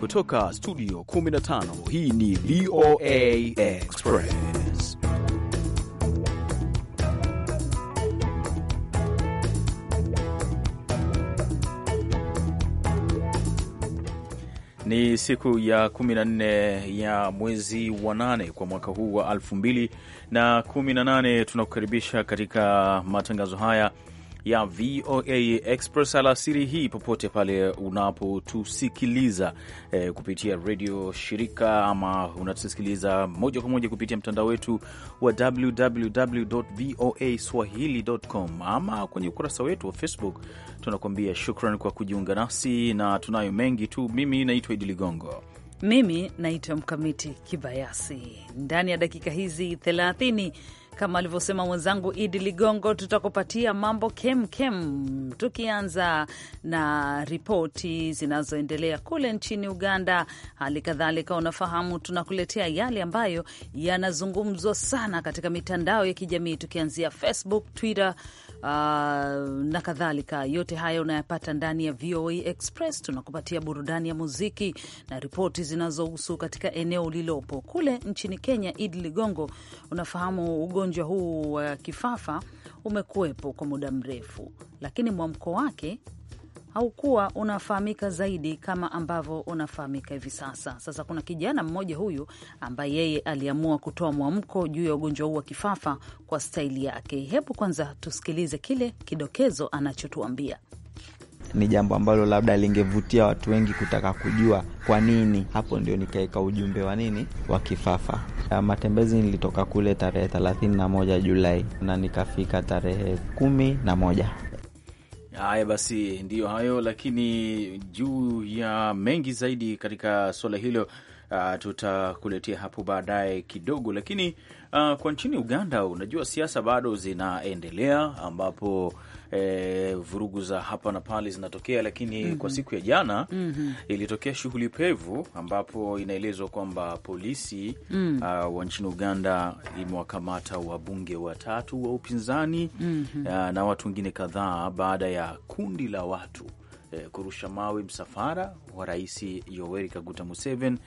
Kutoka studio 15 hii ni VOA Express. Ni siku ya 14 ya mwezi wa nane kwa mwaka huu wa 2018 tunakukaribisha katika matangazo haya ya VOA Express alasiri hii, popote pale unapotusikiliza eh, kupitia redio shirika ama unatusikiliza moja kwa moja kupitia mtandao wetu wa www voa www.voaswahili.com ama kwenye ukurasa wetu wa Facebook, tunakuambia shukran kwa kujiunga nasi na tunayo mengi tu. Mimi naitwa Idi Ligongo. Mimi naitwa Mkamiti Kibayasi. Ndani ya dakika hizi 30 kama alivyosema mwenzangu Idi Ligongo, tutakupatia mambo kem kem, tukianza na ripoti zinazoendelea kule nchini Uganda. Hali kadhalika, unafahamu tunakuletea yale ambayo yanazungumzwa sana katika mitandao ya kijamii, tukianzia Facebook, Twitter uh, na kadhalika. Yote haya unayapata ndani ya VOA Express. Tunakupatia burudani ya muziki na ripoti zinazohusu katika eneo ulilopo kule nchini Kenya. Idi Ligongo, unafahamu ugonjwa huu wa uh, kifafa umekuwepo kwa muda mrefu, lakini mwamko wake haukuwa unafahamika zaidi kama ambavyo unafahamika hivi sasa. Sasa kuna kijana mmoja huyu ambaye yeye aliamua kutoa mwamko juu ya ugonjwa huu wa kifafa kwa staili yake. Hebu kwanza tusikilize kile kidokezo anachotuambia. Ni jambo ambalo labda lingevutia watu wengi kutaka kujua kwa nini. Hapo ndio nikaweka ujumbe wa nini wa kifafa. Matembezi nilitoka kule tarehe 31 Julai na nikafika tarehe kumi na moja Haya basi, ndiyo hayo, lakini juu ya mengi zaidi katika suala hilo uh, tutakuletea hapo baadaye kidogo, lakini Uh, kwa nchini Uganda unajua siasa bado zinaendelea ambapo E, vurugu za hapa na pale zinatokea, lakini mm -hmm. Kwa mhm. siku ya jana mm -hmm. ilitokea shughuli pevu ambapo inaelezwa kwamba polisi mm -hmm. uh, wa nchini Uganda imewakamata wabunge watatu wa upinzani mm -hmm. uh, na watu wengine kadhaa baada ya kundi la watu eh, kurusha mawe msafara wa Rais Yoweri Kaguta Museveni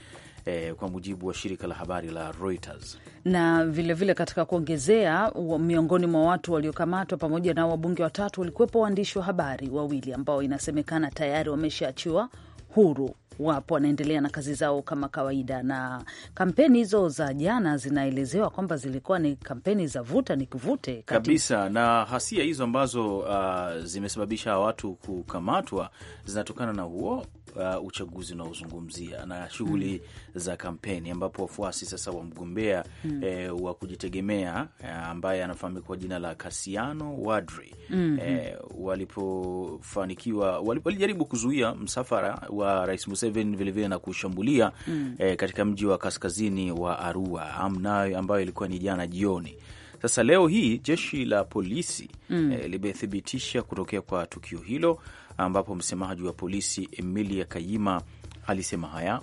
eh, kwa mujibu wa shirika la habari la Reuters. Na vilevile vile katika kuongezea, miongoni mwa watu waliokamatwa pamoja na wabunge watatu walikuwepo waandishi wa habari wawili ambao inasemekana tayari wameshaachiwa huru wapo wanaendelea na kazi zao kama kawaida. Na kampeni hizo za jana zinaelezewa kwamba zilikuwa ni kampeni za vuta ni kuvute kabisa, na hasia hizo ambazo uh, zimesababisha watu kukamatwa zinatokana na huo uh, uchaguzi unaozungumzia na shughuli mm. za kampeni, ambapo wafuasi sasa wa mgombea mm. eh, wa kujitegemea eh, ambaye anafahamika kwa jina la Kasiano Wadri mm -hmm. eh, walipofanikiwa walijaribu kuzuia msafara wa Rais Museveni vilevile na kushambulia mm. eh, katika mji wa kaskazini wa Arua amnayo ambayo ilikuwa ni jana jioni. Sasa leo hii jeshi la polisi mm. eh, limethibitisha kutokea kwa tukio hilo ambapo msemaji wa polisi Emilia Kayima alisema haya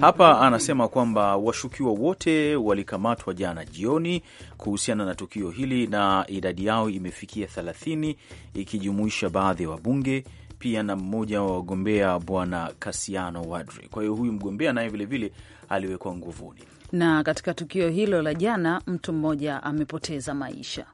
hapa anasema kwamba washukiwa wote walikamatwa jana jioni kuhusiana na tukio hili na idadi yao imefikia 30 ikijumuisha baadhi ya wabunge pia na mmoja wa wagombea Bwana Kasiano Wadri. Kwa hiyo huyu mgombea naye vilevile aliwekwa nguvuni, na katika tukio hilo la jana mtu mmoja amepoteza maisha.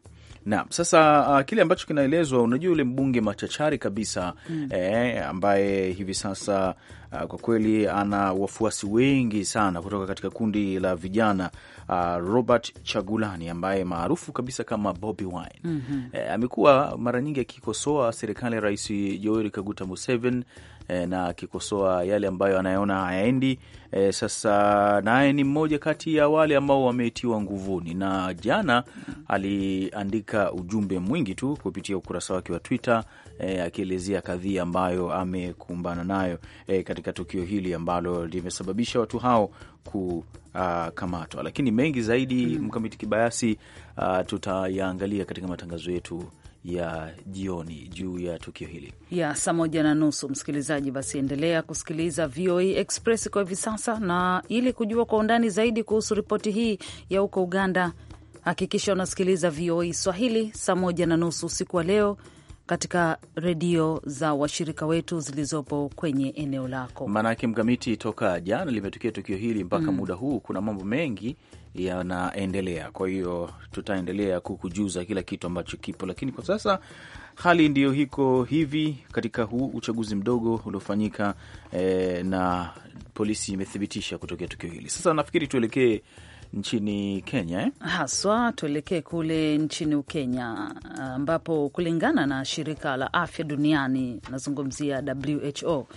Naam, sasa uh, kile ambacho kinaelezwa, unajua yule mbunge machachari kabisa mm. eh, ambaye hivi sasa uh, kwa kweli ana wafuasi wengi sana kutoka katika kundi la vijana uh, Robert Chagulani ambaye maarufu kabisa kama Bobby Wine mm -hmm. eh, amekuwa mara nyingi akikosoa serikali ya Rais Yoweri Kaguta Museveni e, na akikosoa yale ambayo anayona hayaendi. E, sasa naye ni mmoja kati ya wale ambao wametiwa nguvuni, na jana aliandika ujumbe mwingi tu kupitia ukurasa wake wa Twitter e, akielezea kadhia ambayo amekumbana nayo e, katika tukio hili ambalo limesababisha watu hao kukamatwa, lakini mengi zaidi mm. mkamiti kibayasi tutayaangalia katika matangazo yetu ya jioni juu ya tukio hili ya saa moja na nusu. Msikilizaji, basi endelea kusikiliza VOA e Express kwa hivi sasa, na ili kujua kwa undani zaidi kuhusu ripoti hii ya huko Uganda, hakikisha unasikiliza VOA e Swahili saa moja na nusu usiku wa leo katika redio za washirika wetu zilizopo kwenye eneo lako. Maanake mkamiti, toka jana limetukia tukio hili mpaka mm, muda huu kuna mambo mengi yanaendelea. Kwa hiyo tutaendelea kukujuza kila kitu ambacho kipo, lakini kwa sasa hali ndiyo hiko hivi katika huu uchaguzi mdogo uliofanyika eh, na polisi imethibitisha kutokea tukio hili. Sasa nafikiri tuelekee nchini Kenya eh? Haswa tuelekee kule nchini Kenya ambapo kulingana na shirika la afya duniani, nazungumzia WHO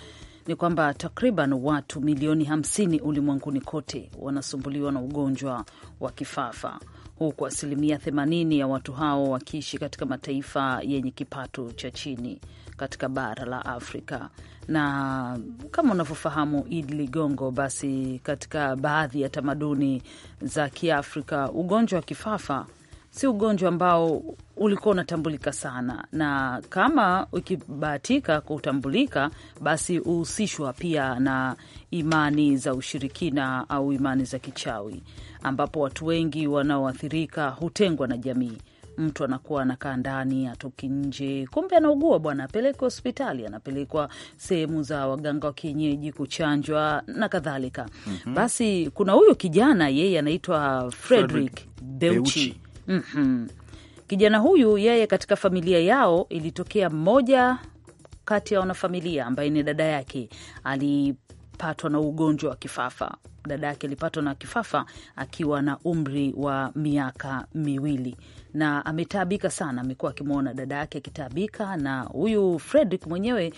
ni kwamba takriban watu milioni 50 ulimwenguni kote wanasumbuliwa na ugonjwa wa kifafa huku asilimia 80 ya watu hao wakiishi katika mataifa yenye kipato cha chini katika bara la Afrika. Na kama unavyofahamu Idi Ligongo, basi katika baadhi ya tamaduni za Kiafrika ugonjwa wa kifafa si ugonjwa ambao ulikuwa unatambulika sana, na kama ukibahatika kutambulika, basi huhusishwa pia na imani za ushirikina au imani za kichawi, ambapo watu wengi wanaoathirika hutengwa na jamii. Mtu anakuwa anakaa ndani, atoki nje, kumbe anaugua bwana, apelekwe hospitali, anapelekwa sehemu za waganga wa kienyeji kuchanjwa na kadhalika. mm -hmm. Basi kuna huyu kijana, yeye anaitwa Frederick Beuchi mm -hmm. Kijana huyu yeye, katika familia yao ilitokea mmoja kati ya wanafamilia ambaye ni dada yake alipatwa na ugonjwa wa kifafa dada yake alipatwa na kifafa akiwa na umri wa miaka miwili na ametaabika sana, amekuwa akimwona dada yake akitaabika. Na huyu Fredrick mwenyewe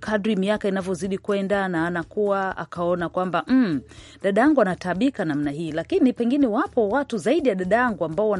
kadri miaka inavyozidi kwenda, na anakuwa akaona kwamba mm, dada yangu anataabika namna hii, lakini pengine wapo watu zaidi ya dada yangu ambao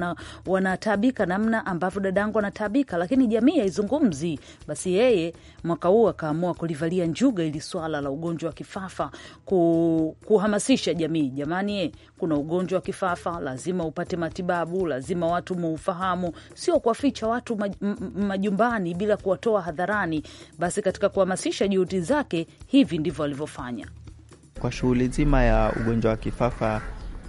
wanataabika wana namna ambavyo dada yangu anataabika, lakini jamii haizungumzi. Basi yeye mwaka huu akaamua kulivalia njuga ili swala la ugonjwa wa kifafa ku, kuhamasisha kuielimisha jamii, jamani, kuna ugonjwa wa kifafa, lazima upate matibabu, lazima watu muufahamu, sio kuwaficha watu maj, majumbani bila kuwatoa hadharani. Basi katika kuhamasisha juhudi zake, hivi ndivyo alivyofanya. Kwa shughuli nzima ya ugonjwa wa kifafa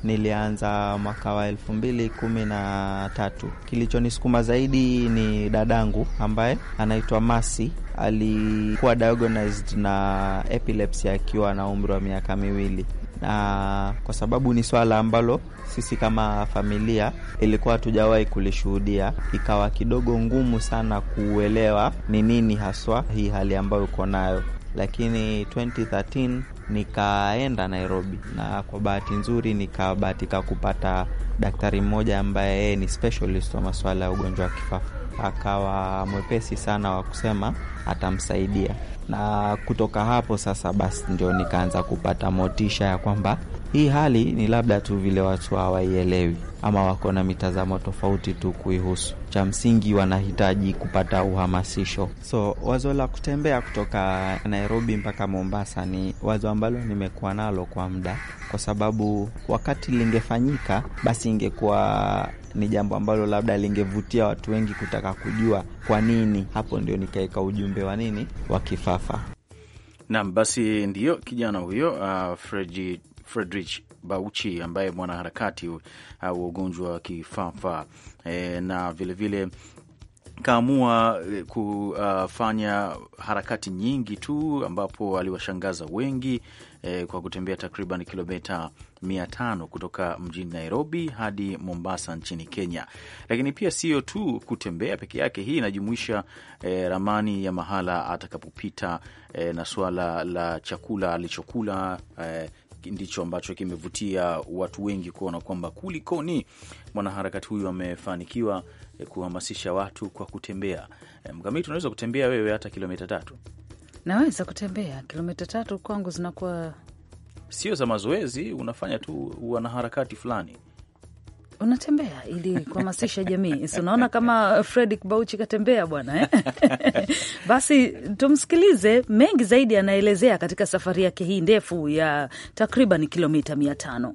nilianza mwaka wa elfu mbili kumi na tatu. Kilichonisukuma zaidi ni dadangu ambaye anaitwa Masi. Alikuwa diagnosed na epilepsy akiwa na umri wa miaka miwili na kwa sababu ni swala ambalo sisi kama familia ilikuwa hatujawahi kulishuhudia, ikawa kidogo ngumu sana kuuelewa ni nini haswa hii hali ambayo uko nayo, lakini 2013 nikaenda Nairobi na kwa bahati nzuri nikabahatika kupata daktari mmoja ambaye yeye ni specialist wa masuala ya ugonjwa wa kifafa, akawa mwepesi sana wa kusema atamsaidia na kutoka hapo sasa basi ndio nikaanza kupata motisha ya kwamba hii hali ni labda tu vile watu hawaielewi ama wako na mitazamo tofauti tu kuihusu. Cha msingi wanahitaji kupata uhamasisho. So wazo la kutembea kutoka Nairobi mpaka Mombasa ni wazo ambalo nimekuwa nalo kwa muda, kwa sababu wakati lingefanyika basi ingekuwa ni jambo ambalo labda lingevutia watu wengi kutaka kujua kwa nini. Hapo ndio nikaweka ujumbe wa nini wa kifafa. Naam, basi ndiyo kijana huyo uh, Fredrich Bauchi ambaye mwanaharakati uh, wa ugonjwa wa kifafa e, na vilevile vile kaamua eh, kufanya harakati nyingi tu ambapo aliwashangaza wengi eh, kwa kutembea takriban kilomita 500 kutoka mjini Nairobi hadi Mombasa nchini Kenya. Lakini pia sio tu kutembea peke yake, hii inajumuisha eh, ramani ya mahala atakapopita eh, na suala la chakula alichokula eh, ndicho ambacho kimevutia watu wengi kuona kwamba kulikoni mwanaharakati huyu amefanikiwa e, kuhamasisha watu kwa kutembea. E, Mkamiti, unaweza kutembea wewe hata kilomita tatu naweza kutembea kilomita tatu, kwangu zinakuwa sio za mazoezi, unafanya tu wanaharakati fulani unatembea ili kuhamasisha jamii. Si unaona kama Fredrick Bauchi katembea bwana eh? Basi tumsikilize, mengi zaidi anaelezea katika safari yake hii ndefu ya takriban kilomita mia tano.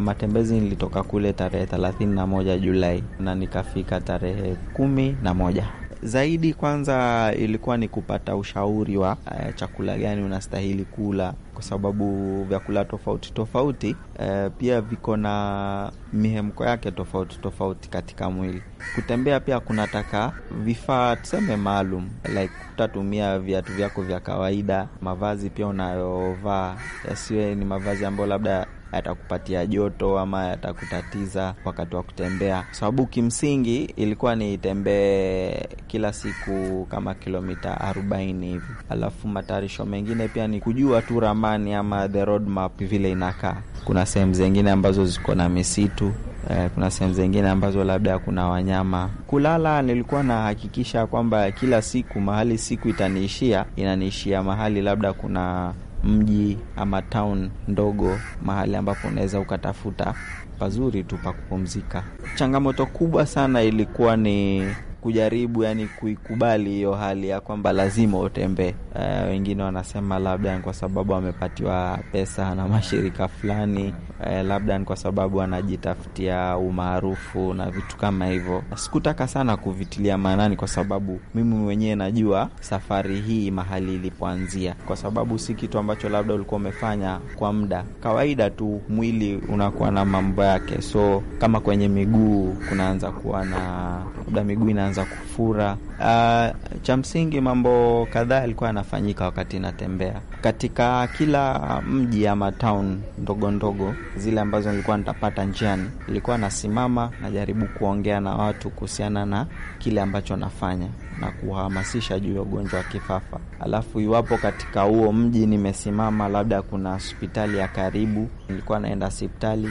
Matembezi nilitoka kule tarehe 31 Julai na nikafika tarehe kumi na moja zaidi kwanza ilikuwa ni kupata ushauri wa uh, chakula gani unastahili kula, kwa sababu vyakula tofauti tofauti uh, pia viko na mihemko yake tofauti tofauti katika mwili. Kutembea pia kunataka vifaa tuseme maalum, like utatumia viatu vyako vya kawaida, mavazi pia unayovaa yasiwe eh, ni mavazi ambayo labda yatakupatia joto ama yatakutatiza wakati wa kutembea, kwa sababu kimsingi ilikuwa niitembee kila siku kama kilomita arobaini hivi. Alafu matayarisho mengine pia ni kujua tu ramani ama the road map vile inakaa. Kuna sehemu zingine ambazo ziko na misitu eh, kuna sehemu zingine ambazo labda kuna wanyama. Kulala nilikuwa nahakikisha kwamba kila siku mahali siku itaniishia inaniishia mahali labda kuna mji ama town ndogo, mahali ambapo unaweza ukatafuta pazuri tu pa kupumzika. Changamoto kubwa sana ilikuwa ni kujaribu yani kuikubali hiyo hali ya kwamba lazima utembee. Uh, wengine wanasema labda ni kwa sababu amepatiwa pesa na mashirika fulani, uh, labda ni kwa sababu anajitafutia umaarufu na vitu kama hivyo. Sikutaka sana kuvitilia maanani, kwa sababu mimi mwenyewe najua safari hii mahali ilipoanzia, kwa sababu si kitu ambacho labda ulikuwa umefanya kwa muda. Kawaida tu mwili unakuwa na mambo yake, so kama kwenye miguu kunaanza kuwa na labda miguu ina kuanza kufura. Uh, cha msingi mambo kadhaa yalikuwa yanafanyika wakati natembea katika kila mji ama town ndogo ndogo zile ambazo nilikuwa nitapata njiani, nilikuwa nasimama najaribu kuongea na watu kuhusiana na kile ambacho nafanya na kuwahamasisha juu ya ugonjwa wa kifafa. Alafu iwapo katika huo mji nimesimama, labda kuna hospitali ya karibu, nilikuwa naenda hospitali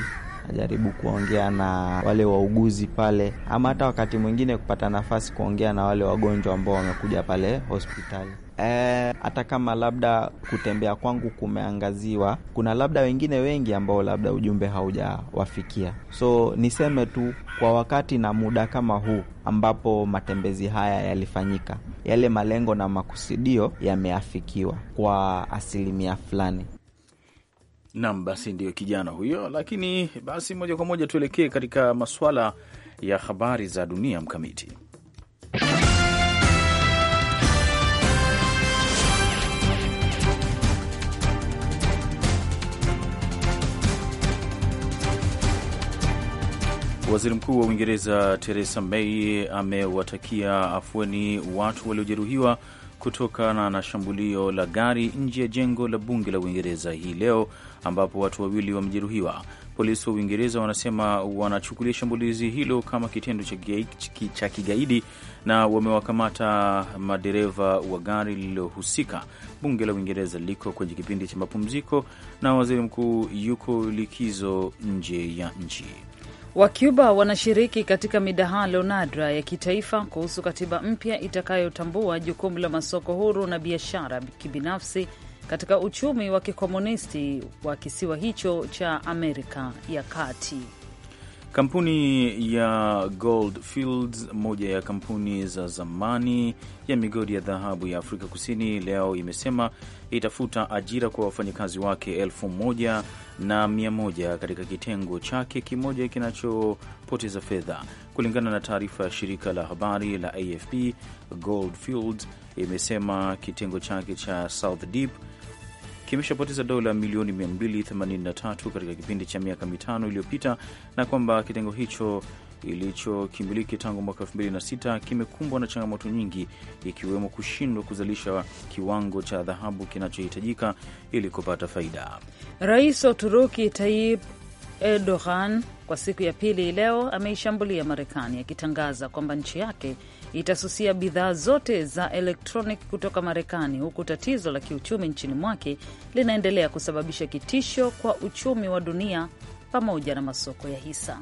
najaribu kuongea na wale wauguzi pale, ama hata wakati mwingine kupata nafasi kuongea na wale wagonjwa ambao wamekuja pale hospitali. E, hata kama labda kutembea kwangu kumeangaziwa, kuna labda wengine wengi ambao labda ujumbe haujawafikia. So niseme tu kwa wakati na muda kama huu ambapo matembezi haya yalifanyika, yale malengo na makusudio yameafikiwa kwa asilimia fulani. Nam, basi ndiyo kijana huyo. Lakini basi moja kwa moja tuelekee katika masuala ya habari za dunia. Mkamiti Waziri Mkuu wa Uingereza Theresa May amewatakia afueni watu waliojeruhiwa kutokana na shambulio la gari nje ya jengo la bunge la Uingereza hii leo ambapo watu wawili wamejeruhiwa. Polisi wa Uingereza wanasema wanachukulia shambulizi hilo kama kitendo cha kigaidi na wamewakamata madereva wa gari lililohusika. Bunge la Uingereza liko kwenye kipindi cha mapumziko na waziri mkuu yuko likizo nje ya nchi. Wacuba wanashiriki katika midahalo nadra ya kitaifa kuhusu katiba mpya itakayotambua jukumu la masoko huru na biashara kibinafsi katika uchumi wa kikomunisti wa kisiwa hicho cha Amerika ya Kati. Kampuni ya Goldfields, moja ya kampuni za zamani ya migodi ya dhahabu ya Afrika Kusini, leo imesema itafuta ajira kwa wafanyakazi wake elfu moja na mia moja katika kitengo chake kimoja kinachopoteza fedha. Kulingana na taarifa ya shirika la habari la AFP, Goldfields imesema kitengo chake cha South Deep kimeshapoteza dola milioni 283 katika kipindi cha miaka mitano iliyopita, na kwamba kitengo hicho ilichokimiliki tangu mwaka 2006 kimekumbwa na changamoto nyingi ikiwemo kushindwa kuzalisha kiwango cha dhahabu kinachohitajika ili kupata faida. Rais wa Uturuki Tayyip Erdogan kwa siku ya pili leo ameishambulia Marekani akitangaza kwamba nchi yake itasusia bidhaa zote za elektroniki kutoka Marekani, huku tatizo la kiuchumi nchini mwake linaendelea kusababisha kitisho kwa uchumi wa dunia pamoja na masoko ya hisa.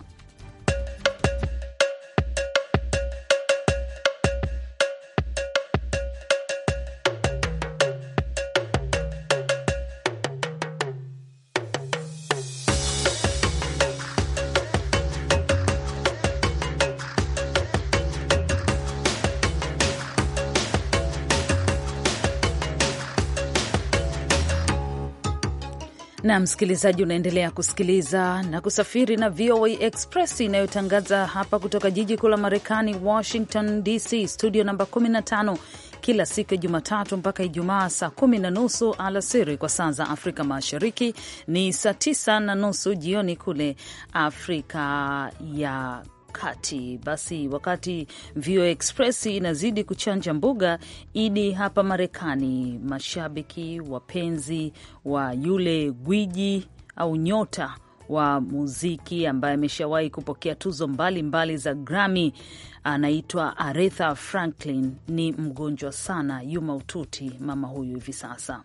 na msikilizaji, unaendelea kusikiliza na kusafiri na VOA Express inayotangaza hapa kutoka jiji kuu la Marekani, Washington DC, studio namba 15 kila siku ya Jumatatu mpaka Ijumaa saa kumi na nusu alasiri kwa saa za Afrika Mashariki, ni saa tisa na nusu jioni kule Afrika ya kati. Basi wakati VOA Express inazidi kuchanja mbuga idi hapa Marekani, mashabiki wapenzi wa yule gwiji au nyota wa muziki ambaye ameshawahi kupokea tuzo mbalimbali mbali za Grammy anaitwa Aretha Franklin. Ni mgonjwa sana, yu ututi mama huyu hivi sasa.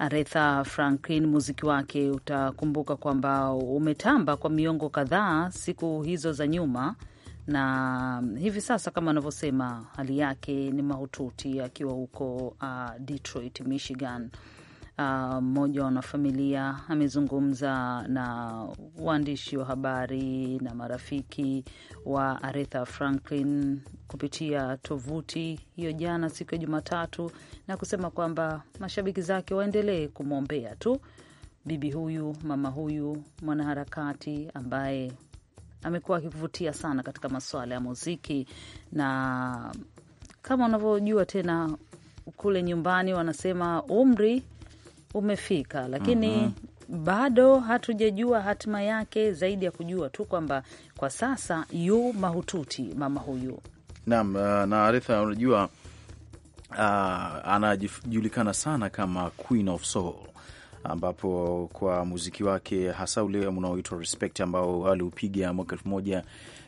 Aretha Franklin. Muziki wake utakumbuka kwamba umetamba kwa miongo kadhaa siku hizo za nyuma, na hivi sasa kama anavyosema hali yake ni mahututi, akiwa huko uh, Detroit, Michigan. Ah, mmoja uh, wa wanafamilia amezungumza na waandishi wa habari na marafiki wa Aretha Franklin kupitia tovuti hiyo jana siku ya Jumatatu na kusema kwamba mashabiki zake waendelee kumwombea tu bibi huyu, mama huyu, mwanaharakati ambaye amekuwa akivutia sana katika masuala ya muziki, na kama unavyojua tena kule nyumbani wanasema umri umefika, lakini mm -hmm. bado hatujajua hatima yake, zaidi ya kujua tu kwamba kwa sasa yu mahututi mama huyu. Naam, eh, na Aretha, unajua uh, anajulikana sana kama Queen of Soul ambapo kwa muziki wake hasa ule unaoitwa Respect ambao aliupiga mwaka elfu moja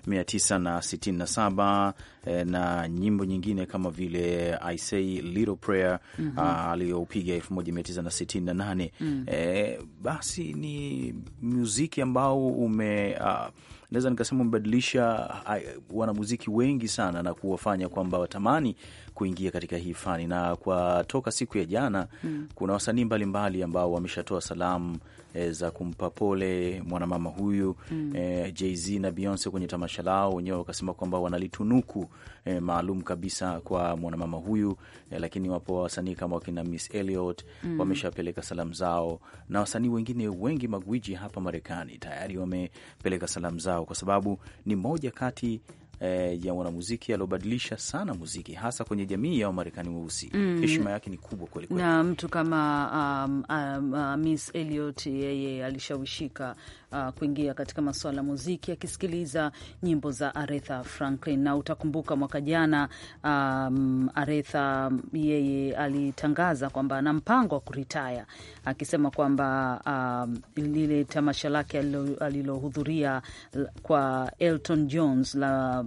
967 eh, na nyimbo nyingine kama vile I Say Little Prayer mhm. ah, mm -hmm. Eh, aliyopiga 1968 mm. E, basi ni muziki ambao ume a, ah, naweza nikasema umebadilisha ah, wanamuziki wengi sana na kuwafanya kwamba watamani kuingia katika hii fani, na kwa toka siku ya jana mm. kuna wasanii mbalimbali ambao wameshatoa salamu e, za kumpa pole mwanamama huyu mm. e, Jay-Z na Beyonce kwenye tamasha lao wenyewe wakasema kwamba wanalitunuku e, maalum kabisa kwa mwanamama huyu e, lakini wapo wasanii kama wakina Miss Elliot mm. wameshapeleka salamu zao, na wasanii wengine wengi magwiji hapa Marekani tayari wamepeleka salamu zao, kwa sababu ni moja kati e, ya wanamuziki aliobadilisha sana muziki hasa kwenye jamii ya Wamarekani weusi. Mm. Heshima mm. yake ni kubwa kweli kweli, na mtu kama um, um, uh, Miss Elliot yeye alishawishika uh, kuingia katika masuala ya muziki akisikiliza nyimbo za Aretha Franklin, na utakumbuka mwaka jana um, Aretha yeye alitangaza kwamba ana mpango wa kuritaya, akisema kwamba um, lile tamasha lake alilohudhuria kwa Elton Jones la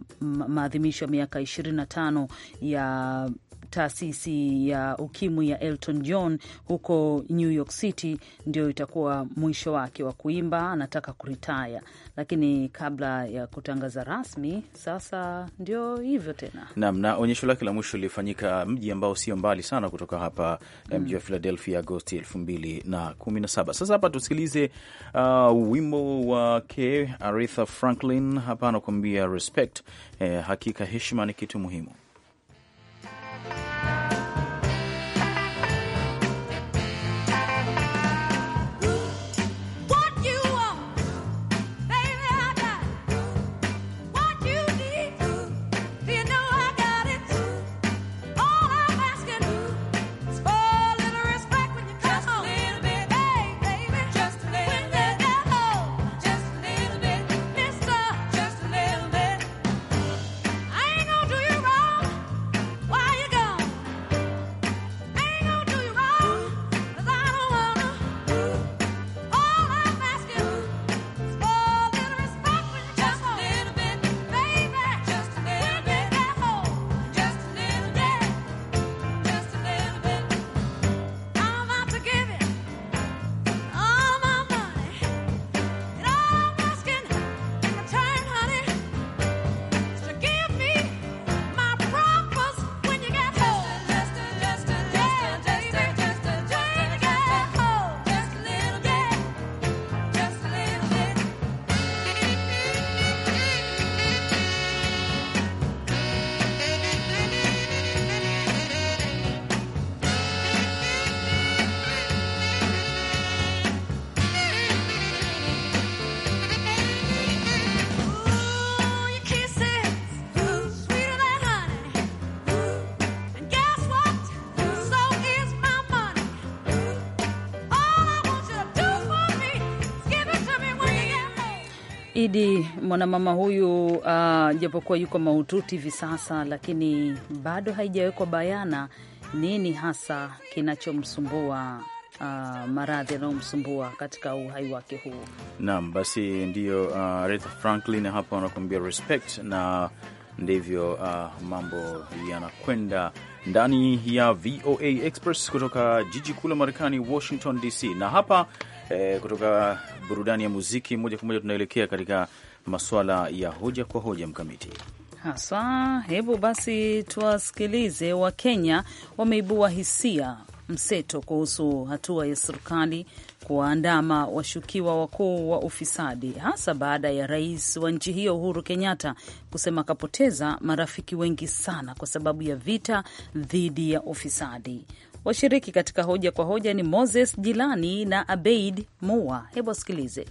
maadhimisho ya miaka 25 ya taasisi ya ukimwi ya Elton John huko New York City ndio itakuwa mwisho wake wa kuimba, anataka kuritaya, lakini kabla ya kutangaza rasmi, sasa ndio hivyo tena. nam na onyesho lake la mwisho lilifanyika mji ambao sio mbali sana kutoka hapa mm, mji wa Philadelphia Agosti 2017. Sasa hapa tusikilize uh, wimbo wake Aretha Franklin, hapa anakuambia respect. Eh, hakika heshima ni kitu muhimu. Idi, mwanamama huyu uh, japokuwa yuko mahututi hivi sasa, lakini bado haijawekwa bayana nini hasa kinachomsumbua uh, maradhi yanayomsumbua katika uhai wake huu. Naam, basi ndiyo uh, Franklin hapa wanakuambia respect, na ndivyo uh, mambo yanakwenda ndani ya VOA Express kutoka jiji kuu la Marekani, Washington DC, na hapa E, kutoka burudani ya muziki moja kwa moja tunaelekea katika masuala ya hoja kwa hoja mkamiti haswa. Hebu basi tuwasikilize. Wakenya wameibua hisia mseto kuhusu hatua ya serikali kuwaandama washukiwa wakuu wa ufisadi, hasa baada ya rais wa nchi hiyo Uhuru Kenyatta kusema akapoteza marafiki wengi sana kwa sababu ya vita dhidi ya ufisadi. Washiriki katika hoja kwa hoja ni Moses Jilani na Abeid Mua. Hebu wasikilize.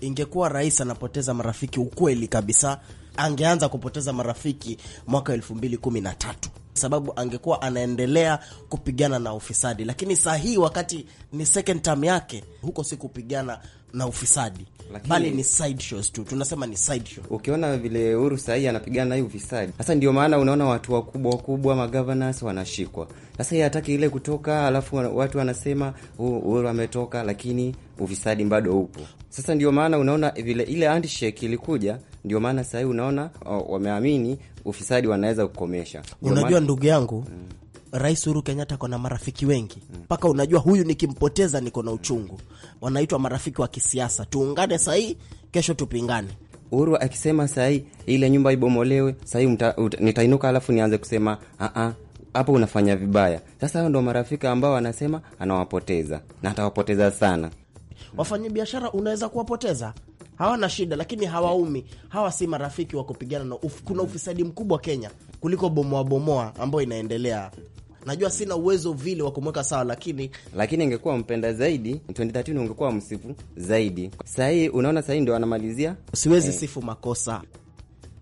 Ingekuwa rais anapoteza marafiki, ukweli kabisa, angeanza kupoteza marafiki mwaka 2013 sababu angekuwa anaendelea kupigana na ufisadi, lakini saa hii wakati ni second term yake, huko si kupigana na ufisadi Lakini... bali ni side shows tu, tunasema ni side show. Ukiona vile Uhuru sahii anapigana na hiyo ufisadi sasa, ndio maana unaona watu wakubwa wakubwa magovernors wanashikwa. Sasa yeye hataki ile kutoka, alafu watu wanasema Uhuru ametoka, lakini ufisadi bado upo. Sasa ndio maana unaona vile ile handshake ilikuja, ndio maana sahii unaona wameamini ufisadi wanaweza kukomesha. Unajua ndugu yangu mm. Rais huru Kenyatta ako na marafiki wengi mpaka unajua huyu nikimpoteza niko na uchungu. Wanaitwa marafiki wa kisiasa, tuungane sahii, kesho tupingane. uru akisema sahii ile nyumba ibomolewe sahii nitainuka, alafu nianze kusema a ah, ah, hapo unafanya vibaya. Sasa hao ndo marafiki ambao anasema anawapoteza na atawapoteza sana. Wafanyabiashara unaweza kuwapoteza, hawana shida, lakini hawaumi. Hawa si marafiki wa kupigana na uf, kuna ufisadi mkubwa Kenya kuliko bomoabomoa ambao ambayo inaendelea najua sina uwezo vile wa kumweka sawa, lakini lakini ingekuwa mpenda zaidi 2013 ungekuwa msifu zaidi. Sahii unaona, sahii ndio anamalizia, siwezi eh, sifu makosa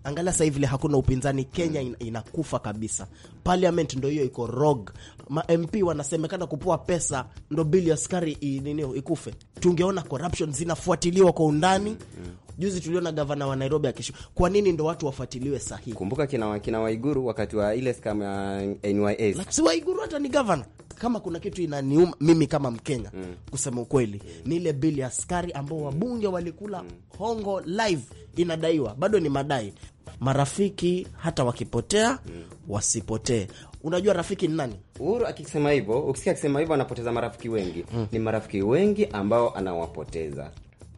Angalia sahii vile hakuna upinzani Kenya, mm. inakufa kabisa. Parliament ndo hiyo iko rog, ma MP wanasemekana kupoa pesa, ndo bili ya askari nini ikufe. Tungeona corruption zinafuatiliwa kwa undani, mm. Juzi tuliona gavana wa Nairobi akishu. Kwa nini ndo watu wafuatiliwe sahihi? Kumbuka kina, kina Waiguru wakati wa ile scam ya NYS, si Waiguru hata ni gavana kama kuna kitu inaniuma mimi kama Mkenya mm. kusema ukweli mm. ni ile bili ya askari ambao wabunge walikula mm. hongo live, inadaiwa bado ni madai. Marafiki hata wakipotea mm. wasipotee. Unajua rafiki ni nani? Uhuru akisema hivyo, ukisikia akisema hivyo, anapoteza marafiki wengi mm. ni marafiki wengi ambao anawapoteza.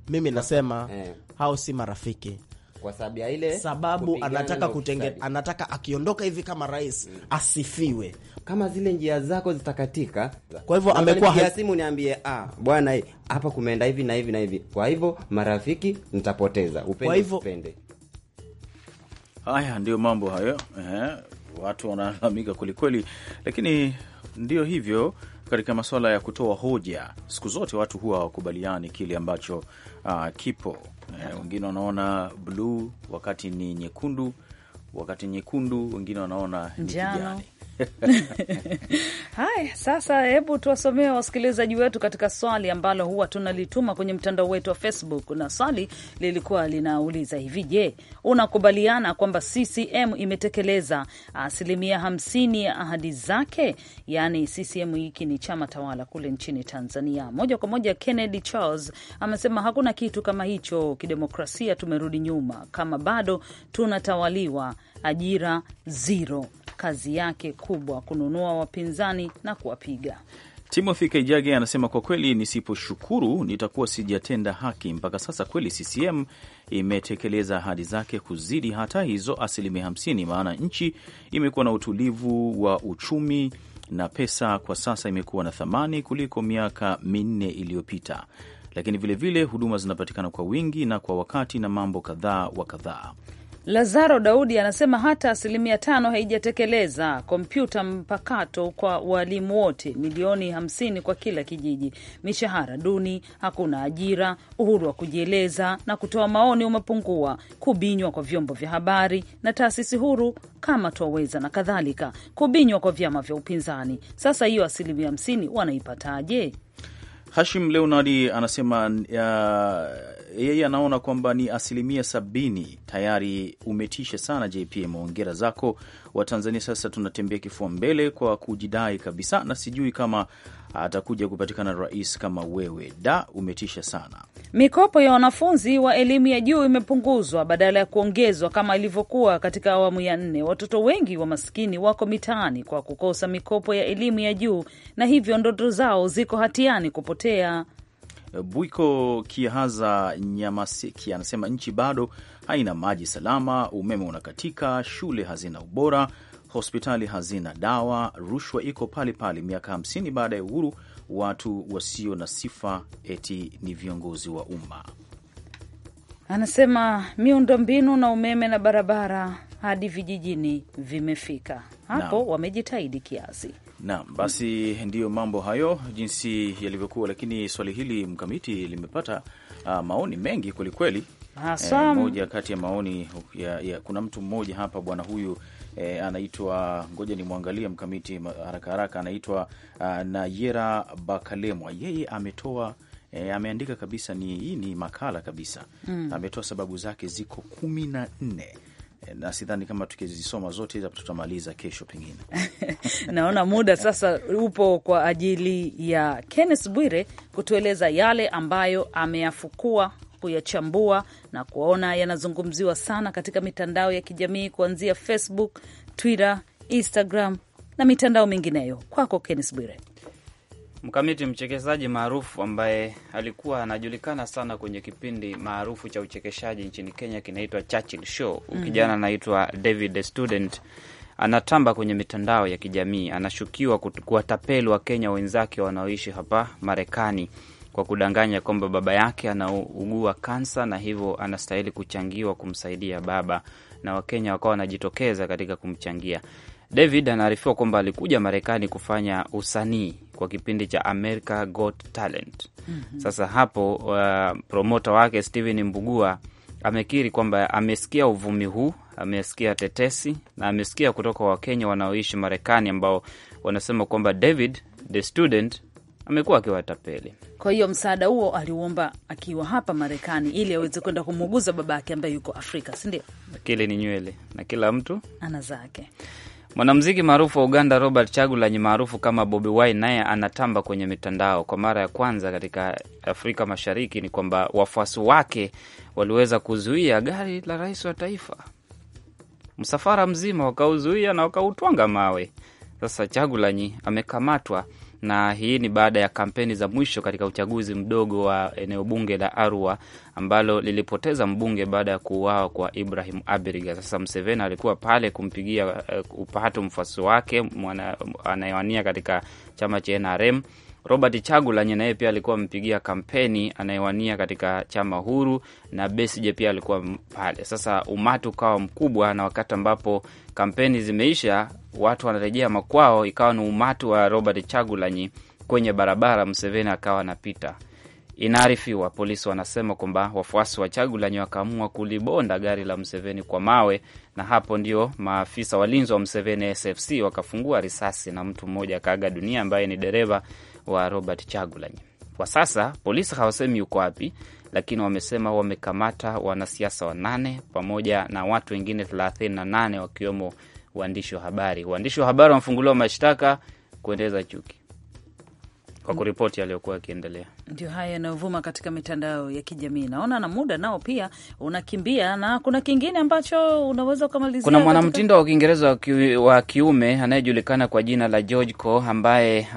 Mimi nasema eh hao si marafiki kwa sababu ya ile sababu anataka kutenge, anataka akiondoka hivi kama rais mm, asifiwe kama zile njia zako zitakatika. Kwa hivyo amekuwa ha... simu niambie, ah bwana, eh, hapa kumeenda hivi na hivi na hivi, kwa hivyo marafiki nitapoteza upende, kwa hivyo upende. Haya ndio mambo hayo Ehe, watu wanalalamika kwelikweli, lakini ndio hivyo katika masuala ya kutoa hoja, siku zote watu huwa hawakubaliani kile ambacho uh, kipo. Eh, wengine wanaona bluu wakati ni nyekundu, wakati nyekundu wengine wanaona ni kijani. Haya, sasa hebu tuwasomee wasikilizaji wetu katika swali ambalo huwa tunalituma kwenye mtandao wetu wa Facebook, na swali lilikuwa linauliza hivi: Je, unakubaliana kwamba CCM imetekeleza asilimia hamsini ya ahadi zake? Yaani CCM hiki ni chama tawala kule nchini Tanzania. Moja kwa moja, Kennedy Charles amesema hakuna kitu kama hicho kidemokrasia, tumerudi nyuma kama bado tunatawaliwa, ajira zero kazi yake kubwa, kununua wapinzani na kuwapiga. Timothy Kaijage anasema kwa kweli, nisiposhukuru nitakuwa sijatenda haki. Mpaka sasa kweli CCM imetekeleza ahadi zake kuzidi hata hizo asilimia 50, maana nchi imekuwa na utulivu wa uchumi na pesa kwa sasa imekuwa na thamani kuliko miaka minne iliyopita, lakini vilevile huduma zinapatikana kwa wingi na kwa wakati na mambo kadhaa wa kadhaa. Lazaro Daudi anasema hata asilimia tano haijatekeleza kompyuta mpakato kwa walimu wote, milioni hamsini kwa kila kijiji, mishahara duni, hakuna ajira, uhuru wa kujieleza na kutoa maoni umepungua, kubinywa kwa vyombo vya habari na taasisi huru kama Twaweza na kadhalika, kubinywa kwa vyama vya upinzani. Sasa hiyo asilimia hamsini wanaipataje? Hashim Leonardi anasema yeye anaona kwamba ni asilimia sabini tayari. Umetisha sana JPM, ongera zako. Watanzania sasa tunatembea kifua mbele kwa kujidai kabisa, na sijui kama atakuja kupatikana rais kama wewe. Da, umetisha sana. Mikopo ya wanafunzi wa elimu ya juu imepunguzwa badala ya kuongezwa kama ilivyokuwa katika awamu ya nne. Watoto wengi wa maskini wako mitaani kwa kukosa mikopo ya elimu ya juu, na hivyo ndoto zao ziko hatiani kupotea. Bwiko Kihaza Nyamasiki anasema nchi bado haina maji salama, umeme unakatika, shule hazina ubora, hospitali hazina dawa, rushwa iko pale pale miaka hamsini baada ya uhuru watu wasio na sifa eti ni viongozi wa umma. Anasema miundombinu na umeme na barabara hadi vijijini vimefika hapo na, wamejitahidi kiasi. Naam, basi ndiyo mambo hayo jinsi yalivyokuwa, lakini swali hili mkamiti limepata uh, maoni mengi kwelikweli. E, moja kati ya maoni ya, ya, kuna mtu mmoja hapa bwana huyu e, anaitwa ngoja ni mwangalie mkamiti haraka haraka, anaitwa uh, Nayera Bakalemwa. Yeye ametoa e, ameandika kabisa, ni hii ni makala kabisa mm. Ametoa sababu zake ziko kumi na nne eh, na sidhani kama tukizisoma zote hizi tutamaliza kesho pengine. Naona muda sasa upo kwa ajili ya Kenneth Bwire kutueleza yale ambayo ameyafukua kuyachambua na kuona yanazungumziwa sana katika mitandao ya kijamii kuanzia Facebook, Twitter, Instagram na mitandao mingineyo. Kwako Kennes Bwire. Mkamiti, mchekeshaji maarufu ambaye alikuwa anajulikana sana kwenye kipindi maarufu cha uchekeshaji nchini Kenya kinaitwa Churchill Show, ukijana mm-hmm. anaitwa mm -hmm. David Student anatamba kwenye mitandao ya kijamii, anashukiwa kuwatapeli kenya wenzake wanaoishi hapa Marekani kwa kudanganya kwamba baba yake anaugua kansa na hivyo anastahili kuchangiwa kumsaidia baba, na Wakenya wakawa wanajitokeza katika kumchangia. David anaarifiwa kwamba alikuja Marekani kufanya usanii kwa kipindi cha America Got Talent. mm -hmm. Sasa hapo uh, promota wake Steven Mbugua amekiri kwamba amesikia uvumi huu, amesikia tetesi na amesikia kutoka Wakenya wanaoishi Marekani ambao wanasema kwamba David the student amekuwa akiwatapeli. Kwa hiyo msaada huo aliuomba akiwa hapa Marekani ili aweze kwenda kumuuguza yake ambaye yuko Afrika, sindio? Akili ni nywele na kila mtu ana zake. Mwanamziki maarufu wa Uganda Robert Chagulanyi maarufu kama Bobi Wine naye anatamba kwenye mitandao kwa mara ya kwanza katika Afrika Mashariki. Ni kwamba wafuasi wake waliweza kuzuia gari la rais wa taifa, msafara mzima wakauzuia na wakautwanga mawe. Sasa Chagulanyi amekamatwa na hii ni baada ya kampeni za mwisho katika uchaguzi mdogo wa eneo bunge la Arua ambalo lilipoteza mbunge baada ya kuuawa kwa Ibrahim Abiriga. Sasa Mseveni alikuwa pale kumpigia uh, eh, upato mfuasi wake anayewania katika chama cha NRM Robert Chagulanyi naye pia alikuwa ampigia kampeni anayewania katika chama huru, na Besigye pia alikuwa pale. Sasa umati ukawa mkubwa, na wakati ambapo kampeni zimeisha, watu wanarejea makwao, ikawa ni umati wa Robert Chagulanyi kwenye barabara, Mseveni akawa anapita. Inaarifiwa polisi wanasema kwamba wafuasi wa Chagulanyi wakaamua kulibonda gari la Mseveni kwa mawe, na hapo ndio maafisa walinzi wa Mseveni SFC wakafungua risasi na mtu mmoja akaaga dunia ambaye ni dereva wa Robert Chagulanyi. Kwa sasa polisi hawasemi yuko wapi, lakini wamesema wamekamata wanasiasa wanane pamoja na watu wengine 38 wakiwemo waandishi wa habari. Waandishi wa habari wamefunguliwa mashtaka kuendeleza chuki kwa kuripoti aliyokuwa akiendelea. Ndio haya yanayovuma katika mitandao ya kijamii. Naona na muda nao pia unakimbia, na kuna kingine ambacho unaweza ukamalizia. Kuna mwanamtindo wa Kiingereza wa kiume anayejulikana kwa jina la George Co ambaye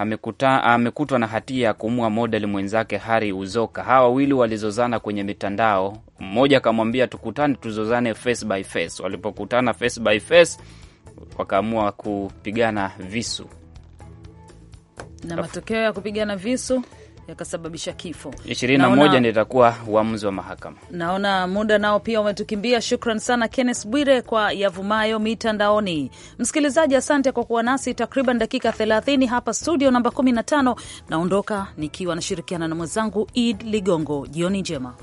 amekutwa na hatia ya kumua model mwenzake Harry Uzoka. Hawa wawili walizozana kwenye mitandao, mmoja akamwambia tukutane, tuzozane face by face. Walipokutana face by face, wakaamua kupigana visu na matokeo ya kupigana visu yakasababisha kifo. ishirini na moja ndio itakuwa uamuzi wa mahakama. Naona muda nao pia umetukimbia. Shukran sana Kenneth Bwire kwa yavumayo mitandaoni. Msikilizaji, asante kwa kuwa nasi takriban dakika 30 hapa studio namba 15. Naondoka nikiwa nashirikiana na mwenzangu Id Ligongo. Jioni njema.